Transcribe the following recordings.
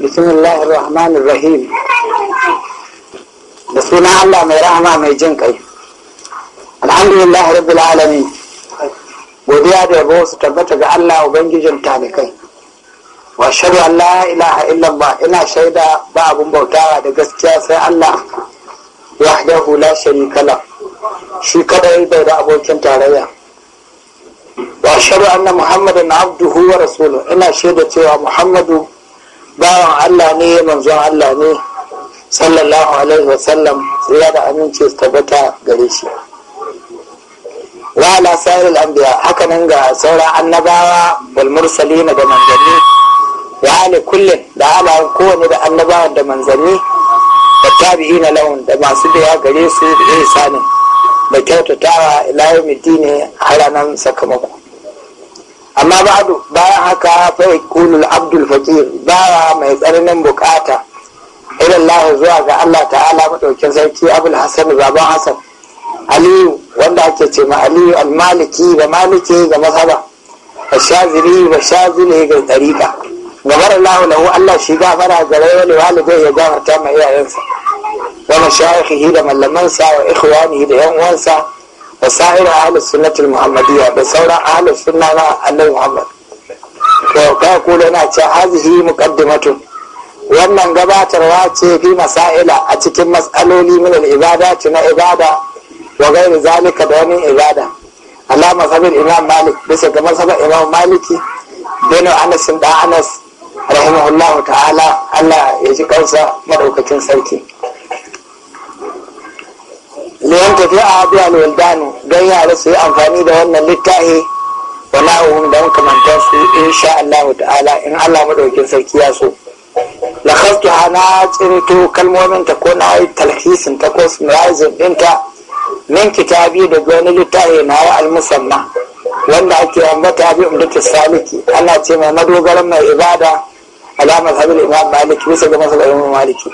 بسم Da الرحمن Allah بسم الله mai rahama mai jin kai alhamdulillah rabbil alamin godiya da yabo su tabbata ga Allah ubangijin talikai wa sharu Allah ilaha illallah ina shaida ba abun bautawa da gaskiya sai Allah wahdahu la sharika la shi kadai bai da abokin tarayya wa sharu anna muhammadan abduhu wa rasuluhu ina shaida cewa muhammadu bawan Allah ne manzon Allah ne sallallahu alaihi wasallam ya da aminci tabbata gare shi wala ala sa'iril anbiya haka nan ga sauran annabawa wal mursalin da manzanni wa ala kullin da ala kowane da annabawa da manzanni da tabi'ina lahum da masu da gare su da ihsanin da kyautatawa ila yawmiddin har ranar sakamako amma ba'du bayan haka fa yakunu al-abdul faqir bawa mai tsananin bukata Idan Allah zuwa ga Allah ta'ala madaukin sarki Abul Hasan baban Hasan Aliyu wanda ake ce ma Aliyu al-Maliki ga Maliki ga mazhaba Shazili ba Shazili ga tariqa gabar lahu lahu Allah shi gafara ga wani walibai ya gafarta ma iyayensa wa mashayikhihi da mallamansa wa ikhwanihi da yan uwansa wa a ahli sunnati muhammadiyya da sauran ahli sunna na annabi muhammad to ka kula na ce hazihi muqaddimatun wannan gabatarwa ce fi masaila a cikin mas'aloli min al-ibada na ibada wa gairi zalika da wani ibada alama sabir imam malik bisa ga masabar imam maliki bin anas da anas rahimahullahu ta'ala Allah ya ji kansa madaukakin sarki liyan tafi a abu a don yara su yi amfani da wannan littafi wala'uhum da kamantar su insha Allah ta'ala in Allah madaukin sarki ya so lakastu na tsinto kalmomin ta ko na yi talhisin ta ko summarizing ɗinta min kitabi da wani littafi na wa al ma wanda ake ambata bi umdatu saliki ana ce mai madogaran mai ibada alamar habil imam maliki bisa ga masabar maliki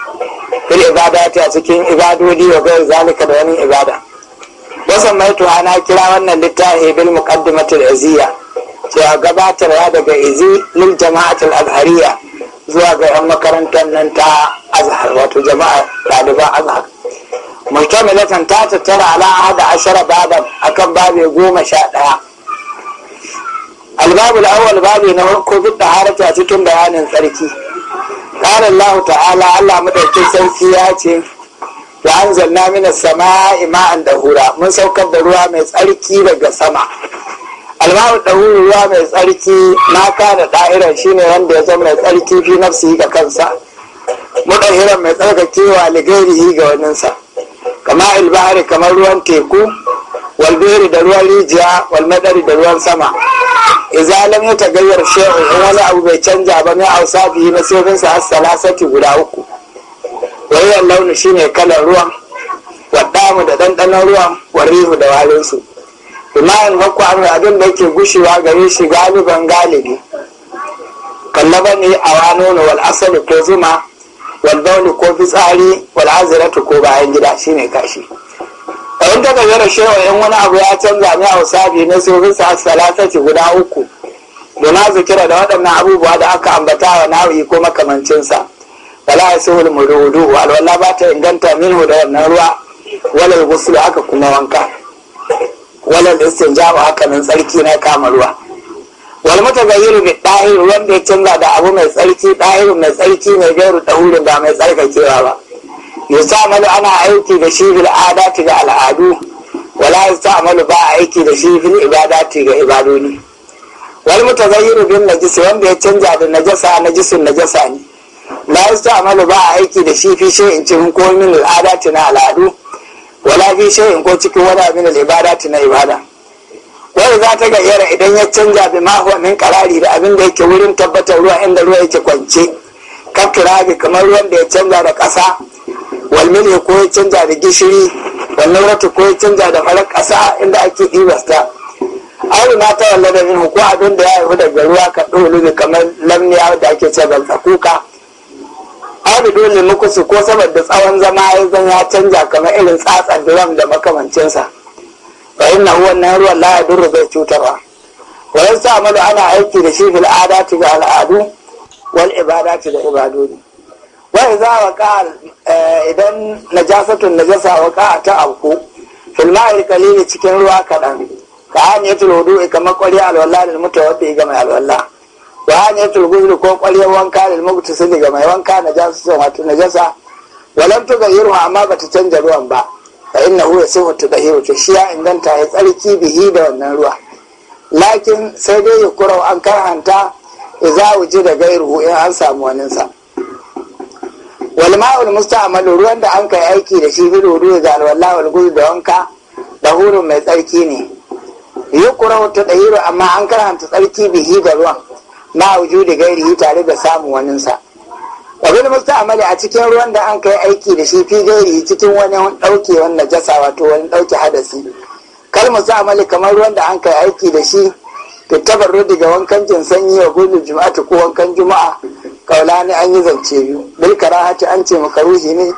fil ibadati a cikin ibadodi wa gairi zalika da wani ibada wasan maitu ana kira wannan littafi bil muqaddimatil aziya cewa gabatarwa daga izi lil jama'atul azhariya zuwa ga yan makarantar nan ta azhar wato jama'a ɗaliban azhar mutamilatan ta tattara ala ahada ashara baban akan babe goma sha ɗaya albabul awwal babi na farko bi taharata cikin bayanin tsarki قال ta'ala Allah الله مدركين sarki ya ce wa anzalna minas sama'i ma'an dahura mun saukar da ruwa mai tsarki daga sama alma'u dahuru ruwa mai tsarki na kana da'iran shine wanda ya zo mai tsarki fi nafsi ga kansa mudahiran mai tsarkakewa ligairihi ga waninsa kama ilbahari kamar ruwan teku walbiri da ruwan rijiya walmadari da ruwan sama idza lam gayyar shay'un in wani abu bai canja ba ne ausafi na sirrin sa as-salasati guda uku wayan launi shine kalar ruwan wadamu da ɗanɗanon ruwan warihu da walin su imanin hakku an abin da yake gushewa gare shi galiban galibi kallabani ne a wal asali ko zuma wal ko fitsari wal azratu ko bayan gida shine kashi in ta gayyara shewa in wani abu ya canza mai ausabi na sirrin sa ci guda uku da na zikira da waɗannan abubuwa da aka ambata wa nawi ko makamancinsa wala yasuhul murudu alwala ba ta inganta min da wannan ruwa wala gusul aka kuma wanka wala istinja ba haka nan tsarki na kama ruwa wal mutabayyiru bi dahir wanda ya canza da abu mai tsarki dahir mai tsarki mai gairu dahurin da mai tsarkakewa ba yustamalu ana aiki da shi bil adati ga al'adu wala yustamalu ba aiki da shi bil ibadati ga ibadoni wal mutazayyiru bin najis wanda ya canja da najasa najisun najasa ne la yustamalu ba aiki da shi fi shay'in cikin ko min al'adati na al'adu wala fi shay'in ko cikin wani min al'ibadati na ibada wai za ta gayyara idan ya canza bi ma huwa da abin da yake wurin tabbatar ruwa inda ruwa yake kwance kakkirabi kamar ruwan da ya canza da ƙasa walmil ko ya canja da gishiri wannan wata ko ya canja da farar ƙasa inda ake ta? aure na ta wallar da minhu ko abin da ya haifu daga ruwa ka ɗolumi kamar lamniya da ake ce kuka. aure dole su, ko saboda tsawon zama ya zan ya canja kamar irin tsatsar drum da makamancinsa fa inna wannan nan ruwan la yadurru bai cutarwa wa yasa ana aiki da shi filada ta ga al'adu wal ta da ibadodi wa iza waqa idan najasatun najasa waqa ta abku fil ma'il qalil cikin ruwa kadan ka haniyatul wudu'i kamar qari'a alwala lil mutawaddi ga mai al-wallan. alwala wa haniyatul ghusl ko qari'a wanka lil mugtasili ga mai wanka najasa wato najasa walam tughayyiru amma bata canja ruwan ba fa innahu yasihu tughayyiru to shi ya inganta ya tsarki bihi da wannan ruwa lakin sai dai ya kurau an karhanta idza wujida gairuhu in an samu waninsa wal ma'ul ruwan da an kai aiki da shi bidu hudu da alwala wal da wanka da hurun mai tsarki ne yukura ta dahiru amma an karanta tsarki bihi da ruwan ma wujudi gairihi tare da samun waninsa wabil musta'mali a cikin ruwan da an kai aiki da shi fi gairihi cikin wani dauke wannan jasa wato wani dauke hadasi kal musta'mali kamar ruwan da an kai aiki da shi fitabar daga wankan jin sanyi wa gudu juma'atu ko wankan juma'a ne an yi zance biyu bil karahati an ce makaruhi ne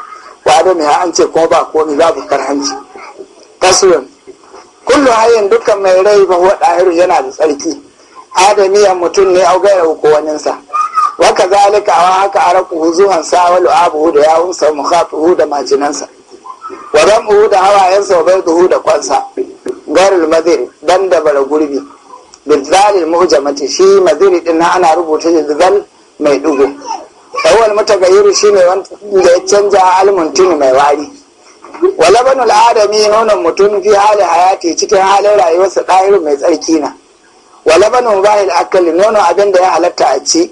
wa mai an ce kuma ba komai babu karhanci kasuwan Kullum hayyan dukkan mai rai ba wa dahiru yana da tsarki adamiyan mutum ne au gaya ko waninsa wa kazalika wa haka araku huzuhan sa wa lu'abuhu da yawunsa mukhatuhu da majinansa wa damuhu da hawayensa wa baiduhu da kwansa garul Madir, dan da bara gurbi bizalil mujamati shi maziri din ana rubuta shi mai ɗigo ɗauwal mutagayiru shi ne wanda ya canja tuni mai wari walabanul adami nonon mutum fi hali hayati cikin halin rayuwarsa ɗahiru mai tsarki na walabanul bahil akali nono abin da ya halatta a ci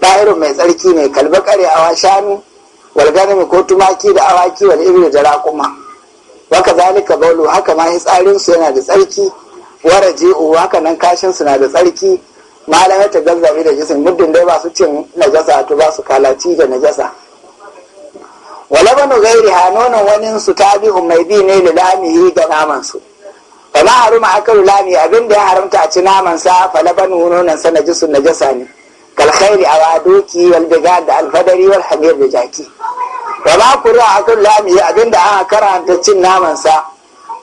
ɗahiru mai tsarki ne kalba awa shanu walganami ko tumaki da awaki wal iri da raƙuma waka zalika bolo, haka ma yi hitsarinsu yana da tsarki waraje ji'u haka nan kashinsu na da tsarki malam ya tagazzabi da jisin muddin dai ba su cin najasa to ba su kalaci da najasa walabanu gairi ha nonon wani su tabi'u mai bi ne da lamihi ga naman su haru ma haruma akalu lami abin da ya haramta a ci naman sa fa nonon sa najisun najasa ne kalkhairi a wadoki aduki wal da alfadari wal da jaki kama ma a akalu lami abin da aka karanta cin naman sa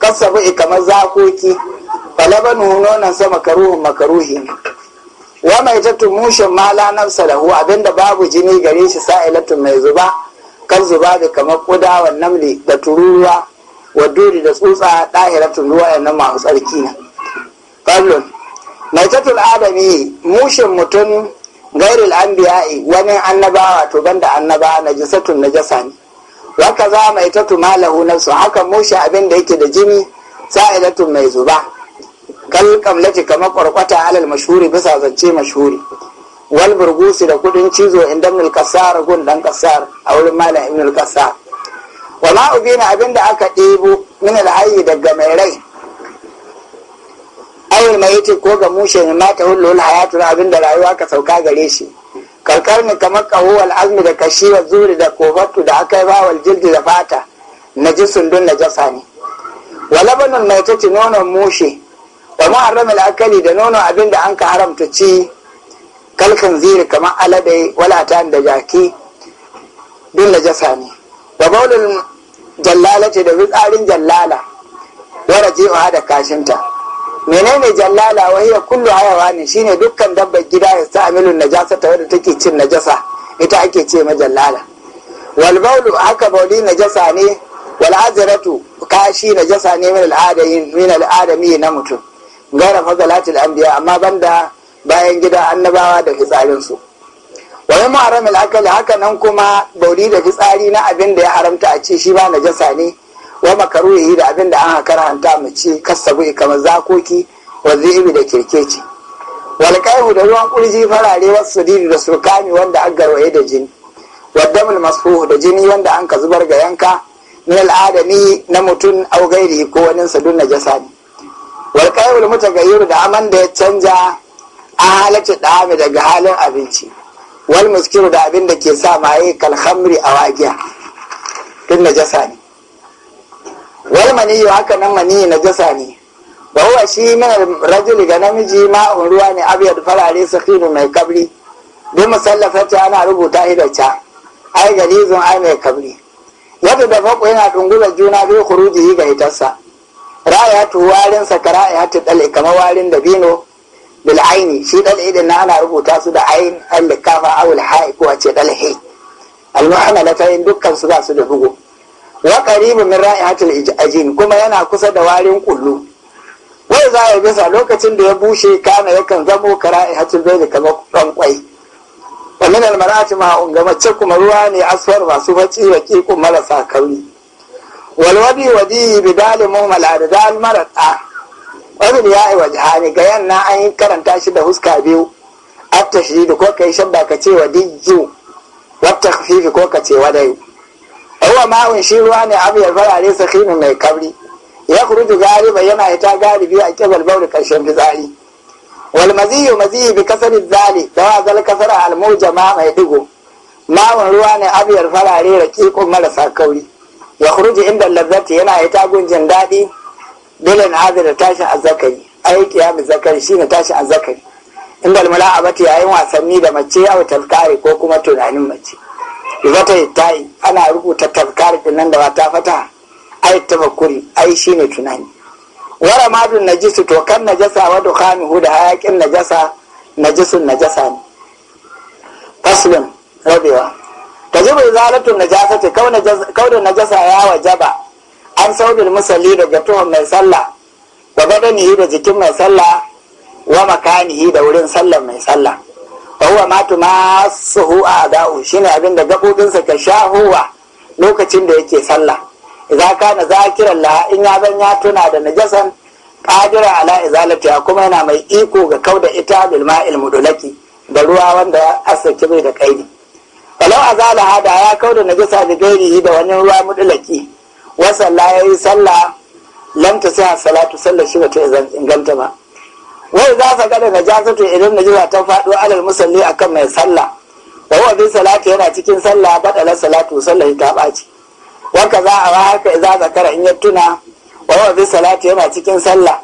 kasabu kamar zakoki fa nonon sa makaruhun makaruhi ne wa mai tattu mushin mala nafsa abinda babu jini gare shi sa'ilatun mai zuba kan zuba da kamar kuda wa namli da tururuwa wa duri da tsutsa ɗahiratun ruwa yana masu tsarki na mai tattul adami mushin mutum biya anbiya'i wani annabawa to banda annabawa na jisatun na jasa ne waka za mai tattu malahu su haka mushin abin da yake da jini sa'ilatun mai zuba kal kamlati kamar kwarkwata alal mashuri bisa zance mashuri. wal burgusi da kudin cizo inda mil kasar gun dan kasar a wurin malam ibn al wa ubina abinda aka ɗebo min al daga mai rai awul mai yace ko ga mushe ne ma ta al hayatu abinda rayuwa ka sauka gare shi karkar ne kamar kaho azumi azmi da kashi wa zuri da kobatu da aka yi bawal jildi da fata najisun dun najasa ne wa labanun mai tace nonon mushe wa muharramil akali da nono abin da an ka haramta ci kalkan ziri kamar alade wala ta da jaki bin jasa ne wa baulul jallala ce da fitsarin jallala wara jiwa da kashinta menene jallala wa hiya kullu hayawa hayawani shine dukkan dabbar gida ya sa amilun najasa ta wadda take cin najasa ita ake ce ma jallala wal baulu haka bauli najasa ne wal azratu kashi najasa ne min adami na mutum gara mazalatul anbiya amma banda bayan gida annabawa da fitsarin su wa yamma aramil akali haka nan kuma bauri da fitsari na abin da ya haramta a ce shi ba najasa ne wa makaruhi da abin da an karanta mu ce kasabu kamar zakoki wa zibi da kirkeci walƙaihu da ruwan kurji farare wasu diri da surukami wanda an garwaye da jini waddamul masfuhu da jini wanda an ka zubar ga yanka min al'adami na mutum au gairi ko wani sadun najasa ne wal qayyul mutaghayyir da aman da ya canja a halace dami daga halin abinci wal muskiru da abin da ke sa maye kal khamri awagiya din najasa ne wal maniyu haka nan na najasa ne Ba huwa shi min rajul ga namiji ma unruwa ne abyad farare sakhinu mai kabri bi musallafati ana rubuta hidacha ai galizun ai mai kabri yadda da fako yana dungula juna bi khuruji ga hitarsa ra'ayatu warin sa ra'ayatu dal'i kamar warin dabino bil aini shi dal'i din na ana rubuta su da ain al kafa aw al ha'i ko ce dal'i al yi dukkan su ba da bugu wa qaribu min ra'ayatul ajin kuma yana kusa da warin kullu wai za ya bisa lokacin da ya bushe kana yakan zamo kara'ihatul bayl kamar kwai wannan al mar'ati ma'un mace kuma ruwa ne asfar masu baki wa marasa kauri walwadi waji bidal mumal ardal marata wabil ya'i wajhani ga yanna an yi karanta shi da huska biyu at shidi ko kai shabba ka ce wadiju wa takhfifi ko ka ce wadai huwa ma'un shi ruwa ne abu ya farare sakhinin mai kabri ya gari ba yana ita galibi a kibal bauri karshen fitsari wal maziyu yi bi kasar zali da wa zal kasar al mujama mai digo Mawun ruwa ne abu ya farare raqiqun marasa kauri ya kuruji inda lazzati yana ya tagun jin daɗi bilin azi da tashin azzakari aiki ya bi zakari shi ne tashin azzakari inda bata yayin wasanni da mace ya tafkari ko kuma tunanin mace zata yi tayi ana rubuta tafkari din nan da wata fata ai yi ai ne tunani wara madun najisu to kan najasa wa dukhanihu da hayakin najasa najisun najasa ne faslun rabewa ta zalatun izalatun najasa ce na najasa ya wajaba an saurin musalli daga tuhon mai sallah da badanihi da jikin mai sallah wa makanihi da wurin sallar mai sallah ba huwa ma tumasuhu a shi shine abin da gabobinsa ka sha huwa lokacin da yake sallah idza kana zakiran la in ya zan ya tuna da najasan qadira ala izalatiha kuma yana mai iko ga kauda ita bilma ilmudulaki da ruwa wanda asaki bai da kaidi da hada ya kau da najasa da gairihi da wani ruwa mudulaki wasalla ya yi sallah lam ta salatu sallar shi bata inganta ba wai za ka gada najasatu idan najasa ta fado alal musalli akan mai sallah wa huwa bi salati yana cikin sallah badala salatu sallar ta ɓaci waka za a haka idza zakara in ya tuna wa huwa bi salati yana cikin sallah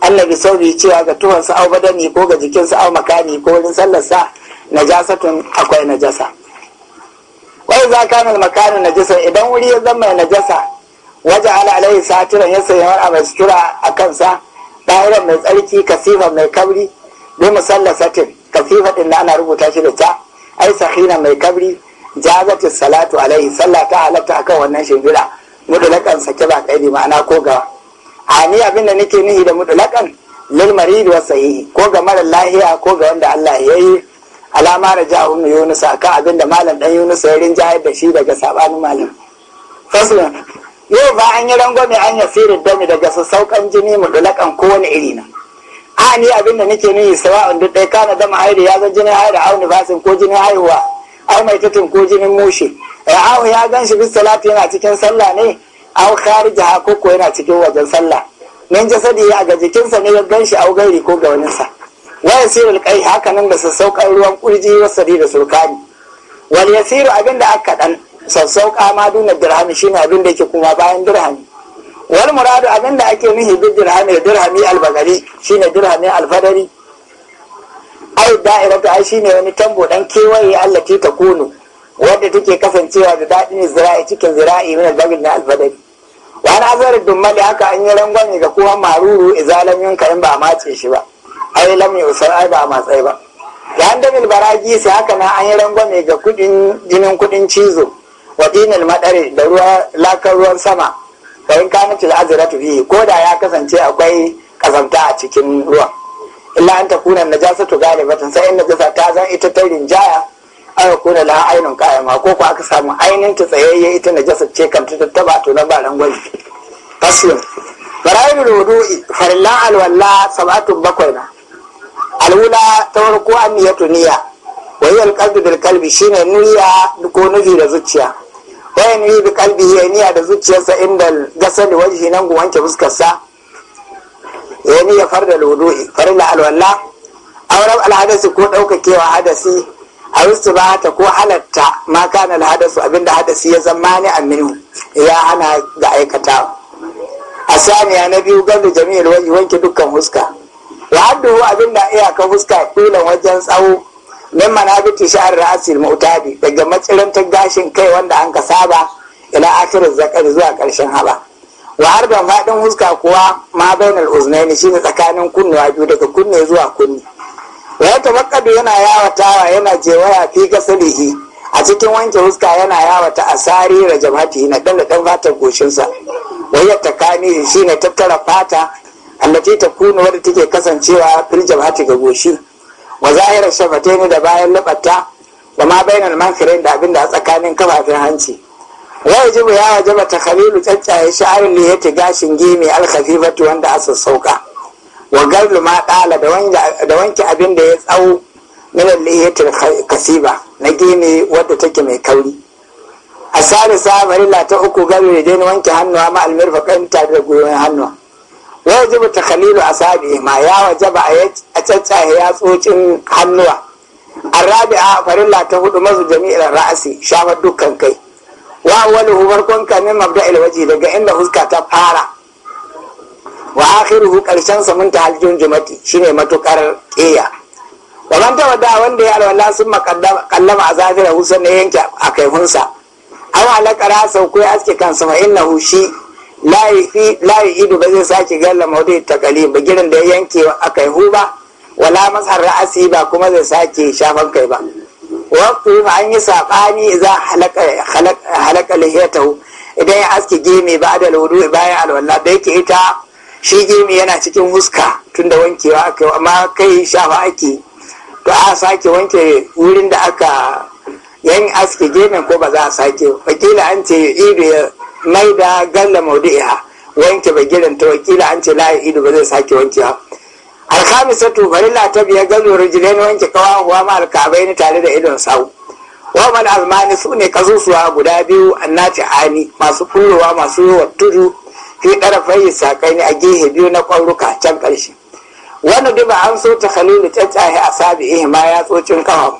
annabi sauri cewa ga tuwansa au badani ko ga jikinsa au makani ko wurin sallarsa najasatun akwai najasa wai za ka mil makanin najisa idan wuri ya zama najasa waje ala alaihi satiran ya sayi wani mai sutura a kansa ɗahiran mai tsarki kasifa mai kabri bi satin, kasifa ɗin ana rubuta shi da ta ai sahina mai kabri jazatis salatu alaihi sallah ta halatta akan wannan shingira mudulakan sake ba kaidi ma'ana ko ga ani abin da nake nihi da mudulakan lil marid wa sahihi ko ga mara lahiya ko ga wanda Allah ya yi alama da ja umu yunus akan abin da malam dan yunus ya rinjayar da shi daga sabanin malam faslun yau ba an yi rangwame an yasiri dami daga sassaukan jini mu dulakan kowane iri na a ni abin da nake nuni an duk ɗaya kana dama haidu ya zan jinin haidu auni basin ko jinin haihuwa ai mai tutun ko jinin mushe eh, au ya gan shi bis salatu yana cikin sallah ne au kharijaha ko ko yana cikin wajen sallah min jasadi a ga jikinsa ne ya ganshi shi au gairi ko ga waninsa wa yasiru kai haka nan da sassauƙan ruwan kurji wasari da sulkani wal yasiru abin da aka dan sassauƙa ma duna dirhami shine abin da yake kuma bayan dirhami wal muradu abin da ake nuhi bi dirhami dirhami albagari shine dirhami alfadari ai ta ai shine wani tambo dan kewaye Allah ta kunu wadda take kasancewa da daɗin zira'i cikin zira'i min albagari na alfadari wani azarar dummali haka an yi rangwame ga kowa maruru izalan yanka in ba a mace shi ba ai lam usar ai ba a matsayi ba da an dabil baragi sai haka na an yi rangwame ga kudin jinin kudin cizo wa dinil madare da ruwa lakar ruwan sama wa in kana til azratu bi ko da ya kasance akwai kazanta a cikin ruwa illa an takuna najasatu galibatan sai in najasa ta zan ita ta rinjaya aka kuna la ainun kayama ko ko aka samu ainin ta tsayayye ita najasa ce kan ta taba to nan ba rangwame faslun fara'idul wudu'i farilla alwalla sab'atun bakwai na alwula ta farko an niyatu niyya wa alƙalbi da alƙalbi shi shine niyya ko nufi da zuciya wa nufi da qalbi ya niyya da zuciyarsa inda gasar da wajen nan wanke fuskarsa ya niyya farda alwudu'i farda alwala auren alhadasi ko ɗaukakewa hadasi a wasu ba ta ko halatta ma kana alhadasu abinda hadasi ya zama ne minu ya hana ga aikata a saniya na biyu gandu jami'ar wajen wanke dukkan huska wa haddu abin da iyakar fuska kula wajen tsawo min manabiti sha'ar ra'asil mu'tadi daga ta gashin kai wanda an ka saba ila akirin zakar zuwa karshen haba wa da faɗin fuska kuwa ma bainal uznaini shine tsakanin kunnuwa biyu daga kunne zuwa kunne wa ya tabakkadu yana yawatawa yana jewaya fi gasalihi a cikin wanke fuska yana yawata asari da jama'ati na dan fatar goshinsa wa ya takani shine tattara fata allati takunu wadda take kasancewa fil jabhati ga goshi wa zahirar shafataini da bayan labatta da ma bainal mankirin da abinda a tsakanin kafafen hanci wa yajibu ya wajaba takhalilu tsatsaye sha'arin da yake gashin gemi alkhafifatu wanda asa sauka wa gallu ma dala da wanke abin da ya tsawo min al-liyatil kasiba na gemi wadda take mai kauri sa, marilla ta uku gallu da wanke hannuwa ma almirfaqan tare da goyon hannuwa ya zuba ta khalilu a sabi ma ya waje ba a ya tsocin hannuwa An rabi a farilla ta hudu masu jami'ar ra'asi shafar dukkan kai wa wani kwanka ne mabda'il ilwaji daga inda huska ta fara wa akhiruhu karshen sa mun halijin shine matukar ƙeya wa ta wada wanda ya alwala sun makallama a zafira husan na yanke a kaifunsa aw alaqara sau ko ya aske kansa fa innahu shi layi ido ba zai sake galla maudu takali ba girin da ya yanke a kai hu ba? wala masar ra'asi ba kuma zai sake shafan kai ba wakku ma an yi saɓani za halaka lihiyatahu idan ya aske gemi ba da laudu bayan alwala da yake ita shi gemi yana cikin huska tunda wankewa aka yi amma kai shafa ake to a sake wanke wurin da aka yan aske gemin ko ba za a sake wakila an ce ido mai da galla maudu'iha wanke gidan ta wakila an ce layi ido ba zai sake wankewa bari farilla ta biya galo ne wanke kawahuwa ma alkabai ne tare da idon sau wamal almani su ne kasusuwa guda biyu annati ani masu kullowa masu yawa tudu fi ɗara ɗarafai sakai ne a gehe biyu na kwaruka can ƙarshe wani duba an so ta khalilu ta tsaye a sabi ihima ya tsocin kawo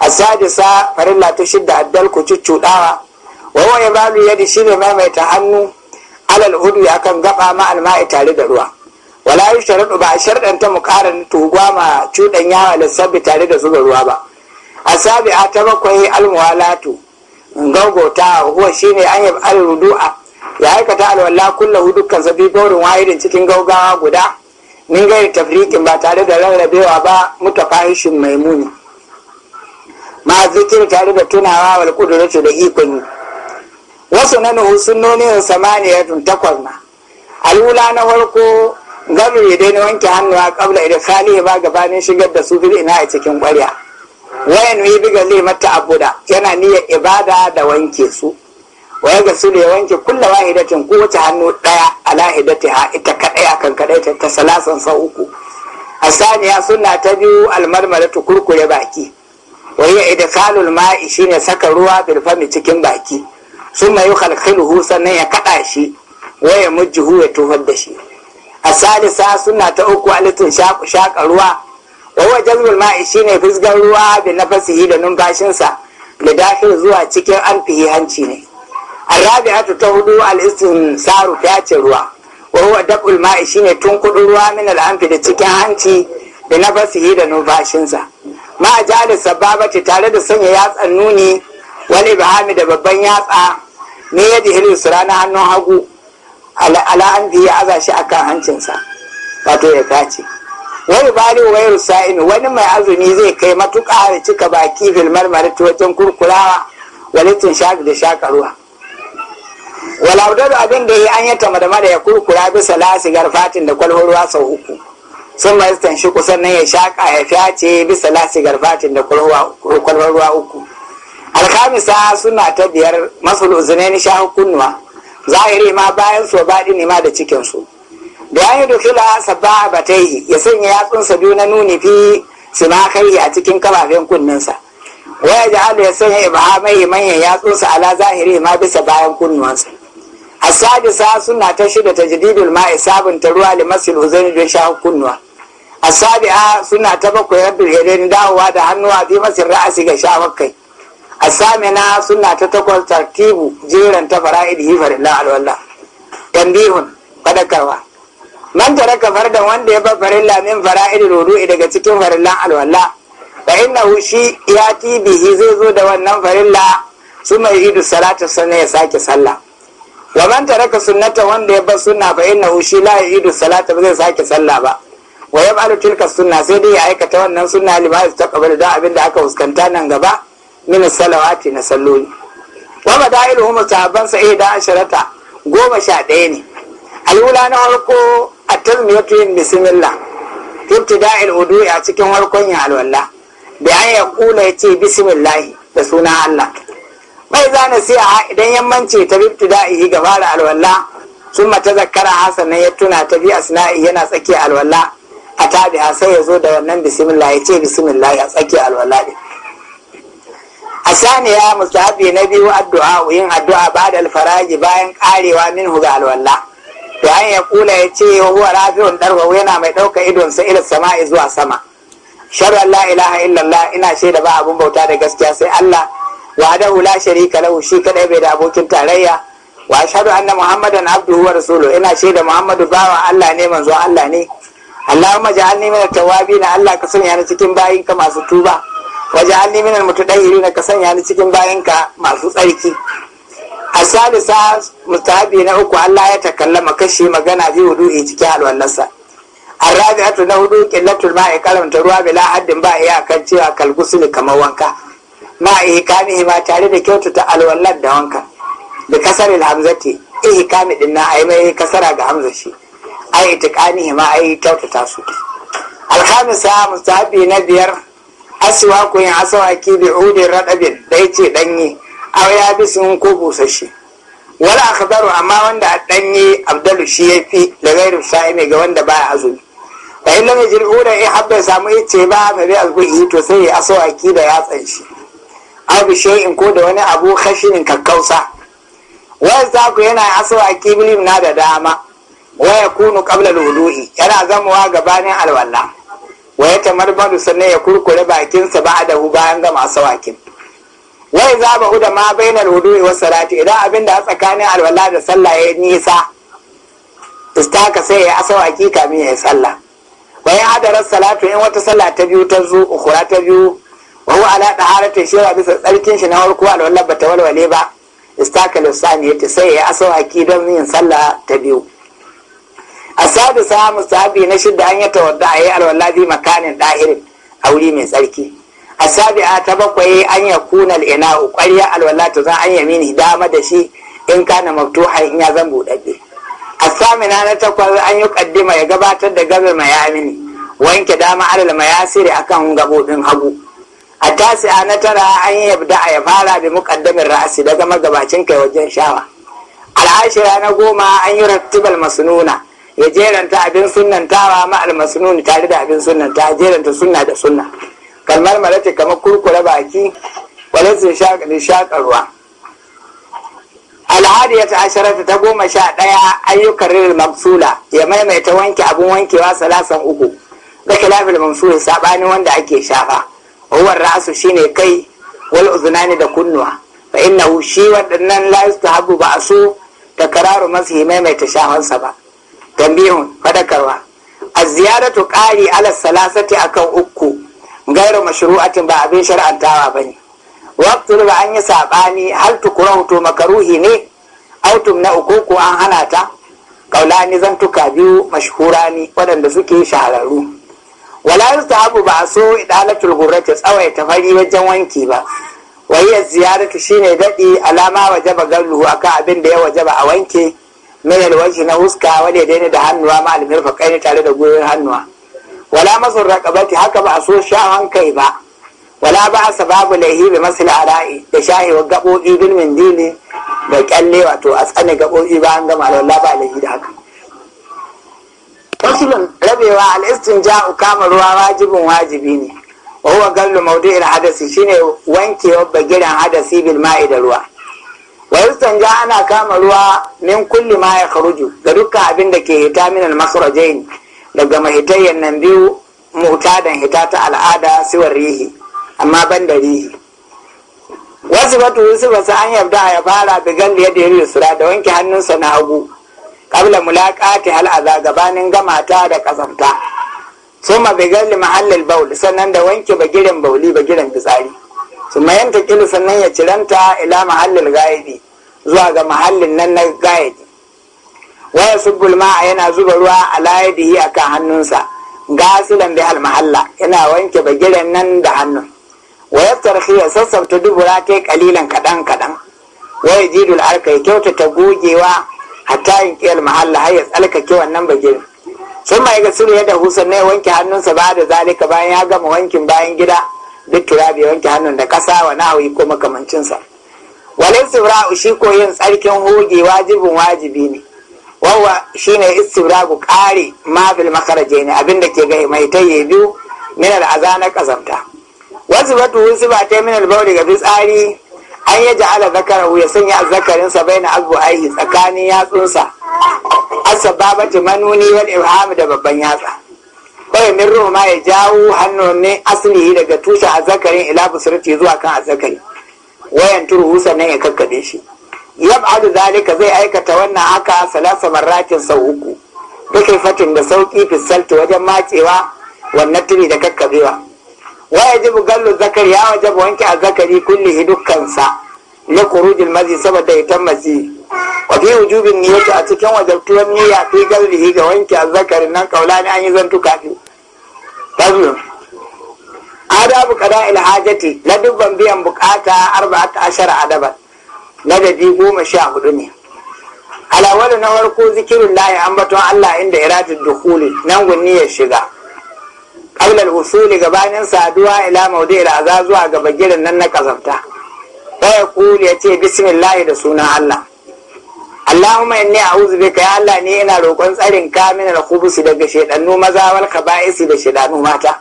a sadisa farilla ta shidda addal ku cuccuɗawa ya ba yazalu yadi shine maimaita hannu alal hudu akan gaba ma alma'i tare da ruwa wala sharaɗu ba a shardan ta ƙara tuguwa ma cuɗan yawa sabbi tare da zuba ruwa ba A a ta bakwai almuwalatu ta huwa shine an yi alrudu'a ya aikata alwala hudu dukkan sabi gaurin wahidin cikin gaugawa guda min gari tafrikin ba tare da rarrabewa ba fahishin maimuni ma zikir tare da tunawa wal kuduratu da ikon yi. wasu na nuhu sunnonin samaniya tun takwas na alula na farko gabar dai na wanke hannu a kabla idan kali ba gabanin shigar da su fil ina a cikin ƙwarya wayan yi biga limata abuda yana niyyar ibada da wanke su waya ga su da ya wanke kulla wahidatin kowace hannu ɗaya ala ha ita kaɗai akan kaɗai ta salasan sau uku saniya suna ta biyu almarmara tukurku kurkure baki waya kalul ma'i shine saka ruwa bilfami cikin baki sun mai khalkhiluhu sannan ya kaɗa shi waya mujjuhu ya tuhar da shi a salisa suna ta uku alitun shaƙa ruwa wa huwa jazbul ma'i shine fisgar ruwa bi nafasihi da numfashinsa da dakhil zuwa cikin anfihi hanci ne arabi'atu ta hudu al saru fyace ruwa wa huwa dab'ul ma'i shine tunkudu ruwa min al da cikin hanci da na nafasihi da numfashinsa ma jalisa sababati tare da sanya yatsan nuni wani bahami da babban yatsa me ya hirin su na hannun hagu ala an ya aza shi kan hancinsa wato ya kace wani bari wayar sa'in wani mai azumi zai kai matuƙa da cika baki fil marmari ta wajen kurkurawa walitin shafi da shakaruwa walaudar da abin da ya an yi tamadamada da ya kurkura bisa lasigar fatin da kwalhurwa sau uku sun mai shi kusan nan ya shaƙa ya fyace bisa lasigar fatin da kwalhurwa uku alkhamisa suna ta biyar masul uzunaini shahu kunnuwa zahiri ma bayan su baɗi ne ma da cikinsu. da ya yi saba sabba batai ya sanya yatsunsa biyu na nuni fi simakai a cikin kafafen kunninsa waya da alu ya sanya ibahamai manyan yatsunsa ala zahiri ma bisa bayan kunnuwansa asadisa suna ta shida ta jididul ma'i sabunta ruwa da masul uzunaini da shahu kunnuwa asabi'a suna ta bakwai rabbil hirin dawowa da hannuwa fi masu ra'asi ga shawar kai A Samina suna ta takwas tartibu jeran ta fara'id hi farilla alwala tambihun fadakarwa man taraka farda wanda ya bar farilla min fara'id rudu'i daga cikin farin farillan alwala fa innahu shi yati bihi zai zo da wannan su mai yu'idu salatu sanna ya sake sallah wa man taraka sunnata wanda ya bar suna fa innahu shi la yu'idu salata ba zai sake sallah ba wa yab'alu tilka sunna sai dai ya aikata wannan suna liba ta kabari da abin da aka fuskanta nan gaba min salawati na salloli wa badailuhum mustahabban sa ihda asharata goma sha ɗaya ne alula na farko at-tazmiyatu yin bismillah ibtida'i al-wudu'i a cikin warkon ya alwala da an ya kula ya ce bismillah da suna Allah Mai za na siya idan yammanci ta ibtida'i ga fara alwala sun mata zakara hasan ya tuna ta bi asna'i yana tsakiya alwala a tabi'a sai ya zo da wannan bismillah ya ce bismillah a tsakiya alwala a ya musahabi na biyu addu'a yin addu'a ba da alfaraji bayan karewa min ga alwala to an ya kula ya ce wa huwa rafi'un darwa yana mai ɗaukar idon sa ila sama'i zuwa sama sharar la ilaha illallah ina shaida ba abun bauta da gaskiya sai Allah Wa da la sharika lahu shi kadai bai da abokin tarayya wa ashhadu anna muhammadan abduhu wa rasuluhu ina shaida muhammadu bawa Allah ne manzo Allah ne Allahumma ja'alni min at-tawabin Allah ka sanya ni cikin bayinka masu tuba waj'alni minal na ka sanya ni cikin bayanka masu tsarki A salisa mustahabi na uku Allah ya takallama kashe magana bi wudu'i cikin alwallarsa arabi'atu na hudu qillatul ma'i karanta ruwa bila haddin ba kan cewa ne kamar wanka ma ihkamihi ma tare da kyautata alwallar da wanka da kasaril hamzati ihkami din na yi mai kasara ga hamza shi ai itiqanihi ma ai kyautata su alhamisa mustahabi na biyar asiwa ku yin asawaki bi udin radabin da yace danyi a ya bi sun ko busashi wala akhdaru amma wanda a danyi abdalu shi ya fi da gairu mai ga wanda baya azumi Da yi lamar yajri hudu in habba samu ce ba fa bi yi to sai ya asawaki da yatsan shi A bi shay'in ko da wani abu kashirin kakkausa wani za ku yana asawaki bilim na da dama waya kunu qabla al yana zamowa gabanin alwallah wa ya tamar ne ya kurkure bakinsa ba da bayan gama asawakin wai za ba da ma bainar wudu'i wa salati idan abin da a tsakanin alwala da sallah ya nisa istaka sai ya asawaki kamin ya yi sallah wa hadarar salatu in wata sallah ta biyu ta zu ukura ta biyu wa huwa ala ta shi bisa tsarkin shi na harko alwala bata walwale ba istaka lissani ya sai ya asawaki don yin sallah ta biyu A samun musabi na shidda an ya tawadda a yi alwallazi makanin dahirin a wuri mai tsarki A a ta bakwai an ya kuna al'ina'u ƙwarya alwallata zan an mini dama da shi in kana har in ya zan buɗaɗɗe asamina na takwas an yi ƙaddima ya gabatar da gabar mayamini wanke dama alal mayasiri akan gabobin hagu a tasi'a na tara an yi yabda a ya fara bi muƙaddamin ra'asi daga magabacin kai wajen shawa al'ashira na goma an yi rattibal masnuna ya jeranta abin sunnantawa ma almasnun tare da abin ta jeranta sunna da sunna kalmar malati kamar kurkure baki wale shaƙa ruwa alhadi ya asharata ta goma sha ɗaya ayyukan riril mamsula ya maimaita wanke abin wankewa salasan uku da kilafil mamsula saɓani wanda ake shafa Uwar rasu shine kai wal uzunani da kunnuwa fa innahu shi waɗannan la yustahabu ba su kararu masu maimaita shafansa ba tambihun fadakarwa a ziyaratu ƙari ala salasati akan uku gairu mashru'atin ba abin shar'antawa ba ne waktul ba an yi saɓani hal tukurahu hutu makaruhi ne autum na uku ko an hana ta kaulani tuka biyu mashhura ne waɗanda suke shahararru wala abu ba so idalatul gurrati tsawaita fari wajen wanki ba wayya ziyaratu shine daɗi alama waje wajaba gallu akan abin da ya waje ba a wanke min alwaji na huska dai daina da hannuwa ma ne tare da goyon hannuwa wala masar raqabati haka ba a so sha kai ba wala ba a sababu laihi bi masal ara'i da shahewar gaɓoɓi bin mindili da kyalle wato a tsane gaɓoɓi ba an gama alwala ba laihi da haka fasulun rabewa al kama ruwa wajibin wajibi ne wa huwa gallu mawdu'il hadasi shine wankewa bagiran hadasi bil ma'i da ruwa wa ja ana kama ruwa min kulli ma ya kharuju ga dukkan abin da ke hita min al rajayin, daga mahitayyan nan biyu mutadan hita ta al'ada siwar rihi amma ban da rihi wasu batu su ba an yarda ya fara bigan da yadda sura da wanke hannunsa na hagu kabla mulaqati hal aza gabanin gamata da kazanta suma bigan li mahallin baul sannan da wanke bagiren bauli bagiren fitsari su mayan kilu sannan ya ciranta ila mahallin gayadi zuwa ga mahallin nan na gayadi waya gulma a yana zuba ruwa a layadihi a kan hannunsa gasilan bi mahalla yana wanke bagiren nan da hannun waya tarhi ya sassabta dubura ta kalilan kaɗan kaɗan waya jidul arka ya kyautata gogewa hatta yin ƙiyar mahalla har ya tsalkake wannan bagiren sun ma ya ga suru ya da husan na ya wanke hannunsa ba da zalika bayan ya gama wankin bayan gida duk turabi wanke hannun da kasa wa nahawi ko makamancinsa walai sibra'u shi ko yin tsarkin hoge wajibin wajibi ne wawa shine ku ƙari ma bil makaraje ne da ke ga mai taye biyu min al'aza na kazamta wasu batu wasu ba ta min bauri ga fitsari an yi ja'ala zakarahu ya sanya azzakarinsa bai na abu aihi tsakanin yatsunsa asababati manuni wal ibham da babban yatsa bai min ma ya jawo hannun asali daga tushen azzakarin ila busirati zuwa kan azzakari wayan husa sannan ya kakkade shi yab'adu zalika zai aikata wannan haka salasa marratin sau uku da fatin da sauki fisalti wajen matsewa, wannan tuni da kakkabewa waya ji bugallu zakari ya waje wanke a zakari kulli dukkansa na kurujin mazi saboda ya mazi wa ne wujubin niyyati a cikin wajabtuwar niyya fi garrihi ga wanke azzakarin nan kaulani an yi zantuka fi tazmin adabu qada il na dubban biyan bukata arba'ata ashara adaban na dabi goma sha hudu ne alawali na farko zikirin layi ambaton Allah inda iratun dukuli nan ya shiga ƙaunar usuli gabanin saduwa ila maudu ila za zuwa ga bagirin nan na kazanta ɗaya kuli ya ce bismillahi da sunan Allah Allahumma inni a'udhu bika ya Allah ne yana roƙon tsarin ka min daga shedannu maza wal kaba'isi da shedannu mata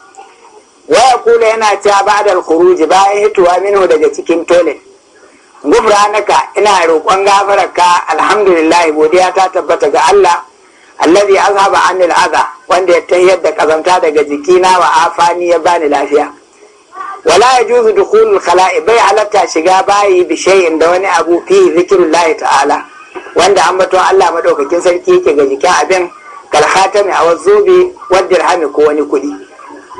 wa kula yana ta ba'da al-khuruj bayan hituwa minhu daga cikin toilet gufranaka ina roƙon gafararka alhamdulillah godiya ta tabbata ga Allah allazi azhaba al adha wanda ya tayyar da kazanta daga jikina wa afani ya bani lafiya wala yajuzu dukhulul khala'i bai halatta shiga bayi bi shay'in da wani abu fi zikrullahi ta'ala wanda an mato Allah madaukakin sarki yake ga jikin abin kal khatami aw zubi Hami ko wani kudi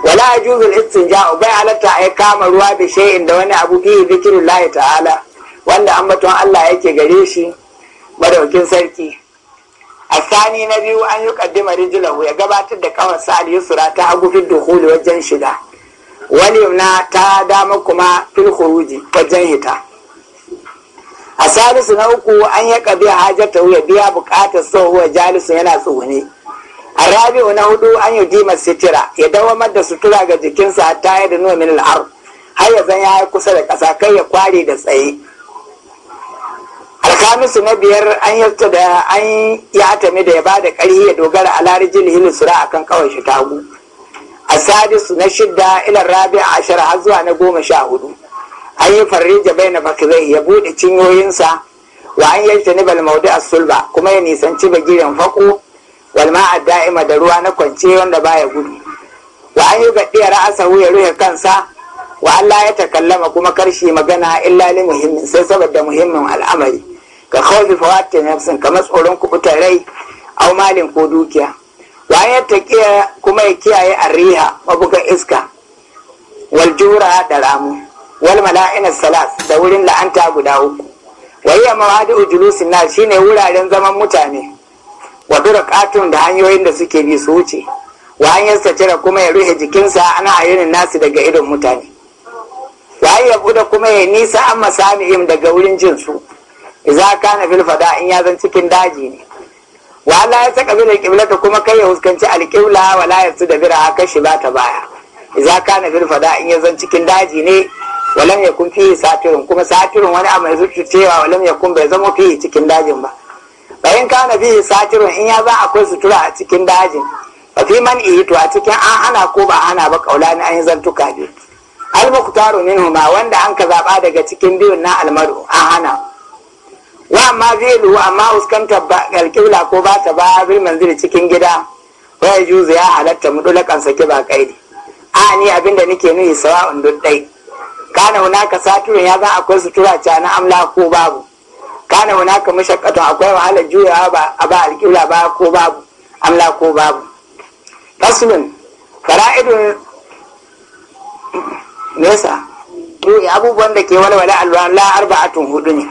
wala ajuzul istinja'u bai alata ai kama ruwa da shay'in da wani abu ke zikrillah ta'ala wanda an mato Allah yake gare shi madaukakin sarki asani na biyu an yi kaddima rijilahu ya gabatar da kawarsa al-yusra ta hagu fi dukhuli wajen shiga wal na ta dama kuma fil khuruji wajen hita a salisu na uku an ya Hajar hajjata ya biya bukatar sauwa jalisu yana tsohuni a rabi'u na hudu an yi dima sitira ya dawamar da sutura ga jikinsa a yi da nomin al'ar har ya zan ya kusa da ƙasa kai ya kware da tsaye alkamisu na biyar an yi da an yi atami da ya ba da ƙarhi ya dogara a larijin hilu sura akan kawai shi tagu a sadisu na shidda ilar rabi'a ashirar har zuwa na goma sha hudu an yi farrija bai na fakizai ya buɗe cinyoyinsa wa an yalta ni bal a sulba kuma ya nisanci bagiren faƙo walma a da'ima da ruwa na kwance wanda baya gudu wa an yi gaɗiya ra'asa ya ruhe kansa wa Allah ya takallama kuma karshe magana illa li muhimmin sai saboda muhimmin al'amari ka khawfi fawatin nafsin kamar tsoron kubutar rai au malin ko dukiya wa an yadda kuma ya kiyaye arriha mabukan iska waljura da ramu wal ina salas da wurin la'anta guda uku wayya mawadi'u ujulusi na shine wuraren zaman mutane wa birqatun da hanyoyin da suke bi su wuce wa an yastatira kuma ya ruhe jikinsa ana ayyunin nasu daga idon mutane wa ya buda kuma ya nisa an masami'im daga wurin jin su iza kana fil fada in ya zan cikin daji ne wa Allah ya saka bin ta kuma kai ya huskanci alqibla wa la yasu da bira haka shi ba ta baya Iza kana fil fada in ya zan cikin daji ne walam ya kun fihi satirin kuma satirin wani abu mai cewa walam ya kun bai zama fihi cikin dajin ba bayan kana fihi satirin in ya za akwai sutura a cikin dajin ba fi man iyi to a cikin an hana ko ba hana ba kaula ni an yi zantuka ne almuktaru minhu ma wanda an ka zaba daga cikin biyun na almaru an hana wa amma zai amma ba alƙibla ko ba ta ba bil manzili cikin gida waya juzu ya halatta mudulakan sake ba kaidi a ni abinda nake sawa sawa'un duk ɗai kana hunaka satirin ya za akwai sutura ca na amla ko babu kana hunaka mashaqqatun akwai wahala juyawa ba a ba alƙibla ba ko babu amla ko babu faslun fara'idun nesa abubuwan da ke walwala alwan la arba'atun hudu ne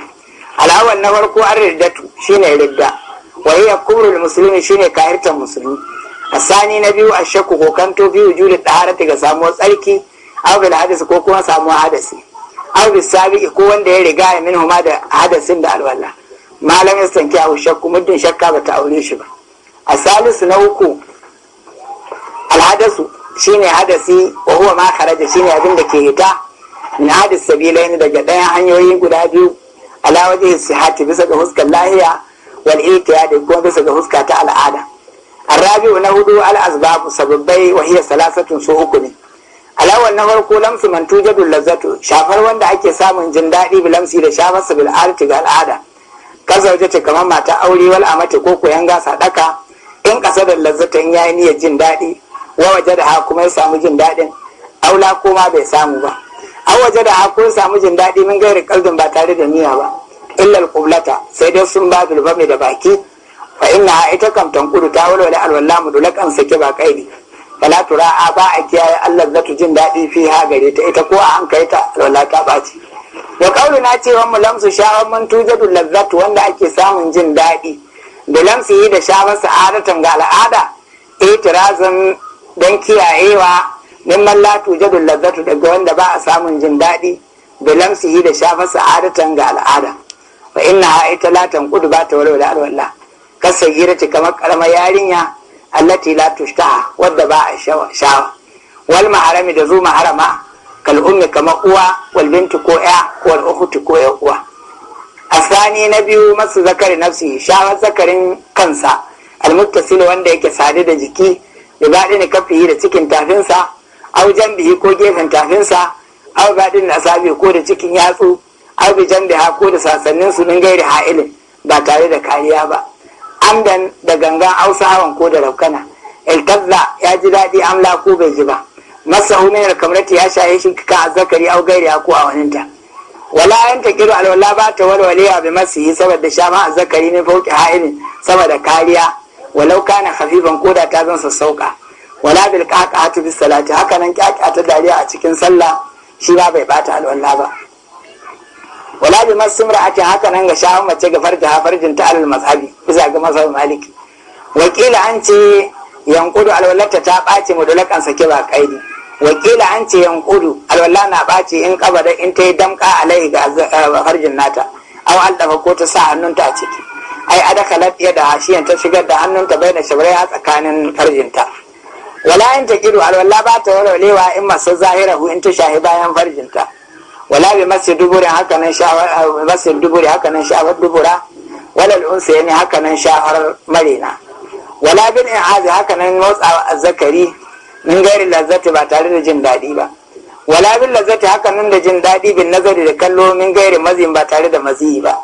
alawan na farko an riddatu shine ridda wa hiya kubrul muslimi shine kahirtan musulmi asani na biyu ashakku kokanto biyu juli daharati ga samuwar tsarki aw bil hadisi ko kuma samu hadasi aw bil sabiqi ko wanda ya riga ya minhu ma da hadasin da alwala malam yastanki aw shakku muddin shakka bata aure shi ba a salisu na uku alhadasu shine hadasi wa huwa ma kharaja shine abin da ke hita min hadis sabilain daga ɗayan hanyoyi guda biyu ala wajhi sihati bisa ga huskar lahiya wal da kuma bisa ga huska ta al'ada arabi'u na hudu al وهي sababbai سوء كنين salasatun su uku alawar na farko lamsu man tujadul lazzatu shafar wanda ake samun jin daɗi bi lamsi da shafarsa bil arti ga al'ada kazauje ce kamar mata aure wal mata ko koyan gasa daka in kasa da lazzata in yayi niyyar jin daɗi wa waje da ha kuma ya samu jin daɗin aula ko ma bai samu ba a waje da ha ko ya samu jin daɗi min gairi kaldin ba tare da niyya ba illal alqublata sai dai sun ba bilbami da baki fa inna ita kam tankudu ta walwala alwala dulakan sake ba kaidi fala tura'a ba a kiyaye Allah zatu jin daɗi fi ha gare ta ita ko a an kai ta wala ta ɓaci da kaulu na cewa mu lamsu sha'awar man tujadu lazzatu wanda ake samun jin daɗi da lamsu yi da sha'awar sa'adatan ga al'ada itirazan don kiyayewa neman la tujadu lazzatu daga wanda ba a samun jin daɗi da lamsu yi da sha'awar sa'adatan ga al'ada wa inna ha ita latan kudu ba ta walwala alwala kasa gira kamar karamar yarinya allati la tushtaha wadda ba a shawa wal maharami da zu maharama kal ummi kamar uwa wal binti ko ya wal ukhti ko ya asani na biyu masu zakari nafsi shawa zakarin kansa al muttasil wanda yake sadu da jiki da badin kafi da cikin tafinsa au jambihi ko gefen tafinsa au badin asabi ko da cikin yatsu au bi jambiha ko da sasannin su min gairi ha'ilin ba tare da kariya ba amdan da gangan hausawan ko da raukana iltazza ya ji daɗi amla ko bai ji ba masahu min Kamrati ya yashin kika a zakari au gairi ko a waninta wala yan taqiru alwala ba ta walwaliya bi masihi saboda sha ma a zakari ne fauki ha'ini saboda kariya walau kana khafifan da ta zan sassauka wala bil qaqatu bis salati haka nan ta dariya a cikin sallah shi ba bai bata alwala ba wala bi masumra ake haka nan ga shawon mace ga farji ha farjin ta alal mazhabi bisa ga mazhabin malik wakila an ce yankudu alwallata ta ɓace mudulakan sake ba kaidi wakila an ce yankudu alwala na ɓaci in kabada in ta yi damka alai ga eh, farjin nata aw dafa ko ta sa hannunta a ciki ai ya da hashiyan ta shigar da hannunta bai da shabrai a tsakanin farjinta wala in ta kidu alwala ba ta walwalewa in masu zahirahu in ta shahi bayan farjinta wala bi masu duburi haka nan masu duburi haka nan sha'awar dubura wala al-unsa yani haka nan sha'awar marina wala bin i'azi haka nan motsa zakari min gairi lazzati ba tare da jin daɗi ba wala bin lazzati haka nan da jin daɗi bin nazari da kallo min gairi mazin ba tare da mazi ba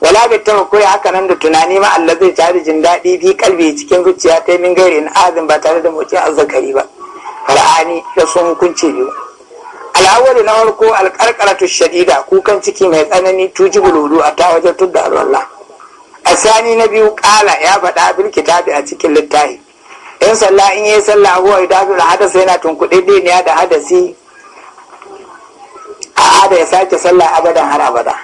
wala bi tawakkuli haka nan da tunani ma Allah zai tare jin daɗi bi kalbi cikin zuciya ta min gairi in azin ba tare da motsi zakari ba far'ani da sun kunce biyu al'awalu na farko alƙarƙaratu shadida kukan ciki mai tsanani tuji lulu a ta wajen tudda alwallah a sani na biyu ƙala ya faɗa bil a cikin littafi yan sallah in yi sallah a idafi da hadasa yana tunkuɗe diniya da hadasi a hada ya sake sallah abadan har abada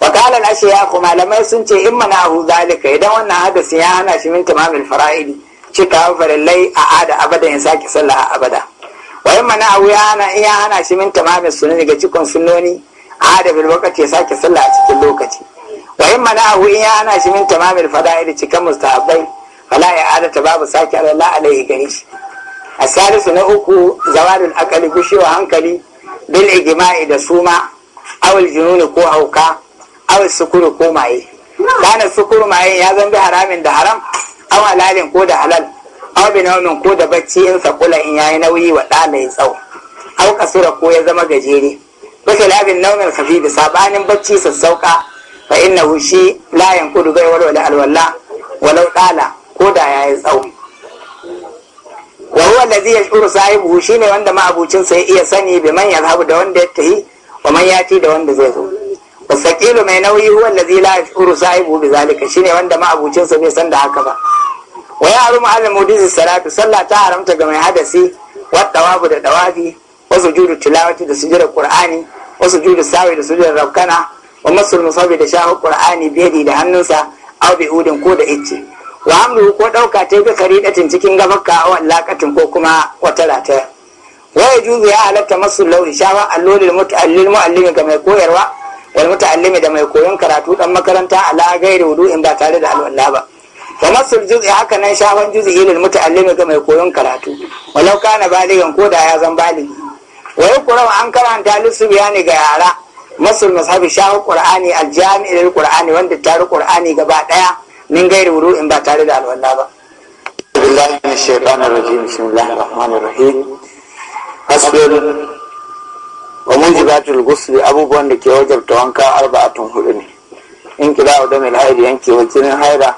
wakalan ashiya ku malamai sun ce in mana ahu zalika idan wannan hadasi ya hana shi min tamamil fara'idi cikawa farillai a hada abadan ya sake sallah abada wai mana abu ya hana iya hana shi min tamamin sunani daga cikon sunnoni da bil wakati ya sake sallah a cikin lokaci Wai mana ahu in ya hana shi min fada'i da cikin mustahabbai fala ya ta babu sake Allah alaihi gare shi A Salisu na uku zawarin akali gushewa hankali bil ijma'i da suma awul jununi ko hauka awul sukuru ko maye kana sukuru maye ya zambi haramin da haram aw halalin ko da halal aw bi ko da bacci in sakula in yayi nauyi wa da mai tsau aw kasura ko ya zama gajere bisa labin naumin khafifi sabanin bacci sassauka fa inna shi la kudu bai walwala alwala walau dala ko da yayi tsau wa huwa allazi yashuru sahibu shine wanda ma'abucin sa ya iya sani bi man yazhabu da wanda ya tahi wa man yati da wanda zai zo wasakilu mai nauyi huwa allazi la yashuru sahibu bi zalika shine wanda ma'abucin sa bai san da haka ba wa ya haru ma'alin salatu sallah ta haramta ga mai hadasi wabu da ɗawafi wasu judu tilawati da sujudar qur'ani wasu judu sawi da sujudar rabkana wa masul musabi da shahu qur'ani biyadi da hannunsa aw bi udin ko da icce wa amru ko ɗauka ta ga karidatin cikin gabaka aw laqatin ko kuma wata rataya wa juzu ya halatta masu lawi shawa allolil mutallil muallimi ga mai koyarwa wal mutallimi da mai koyon karatu dan makaranta ala gairi in ba tare da alwala ba Wa masul juz'i haka nan shafan juz'i lil muta'allimi ga mai koyon karatu walau kana baligan ko da ya zan baligi wa yakura an karanta lissu bayani ga yara masul mashabi shafan qur'ani aljami'i lil qur'ani wanda tare qur'ani gaba daya min gairi wuru'in ba tare da alwala ba billahi min rajim bismillahir rahmanir rahim hasbun wa munjibatul ghusl abubuwan da ke wajabta wanka arba'atun hudu ne in kida da mai haidi yanke wa jinin haira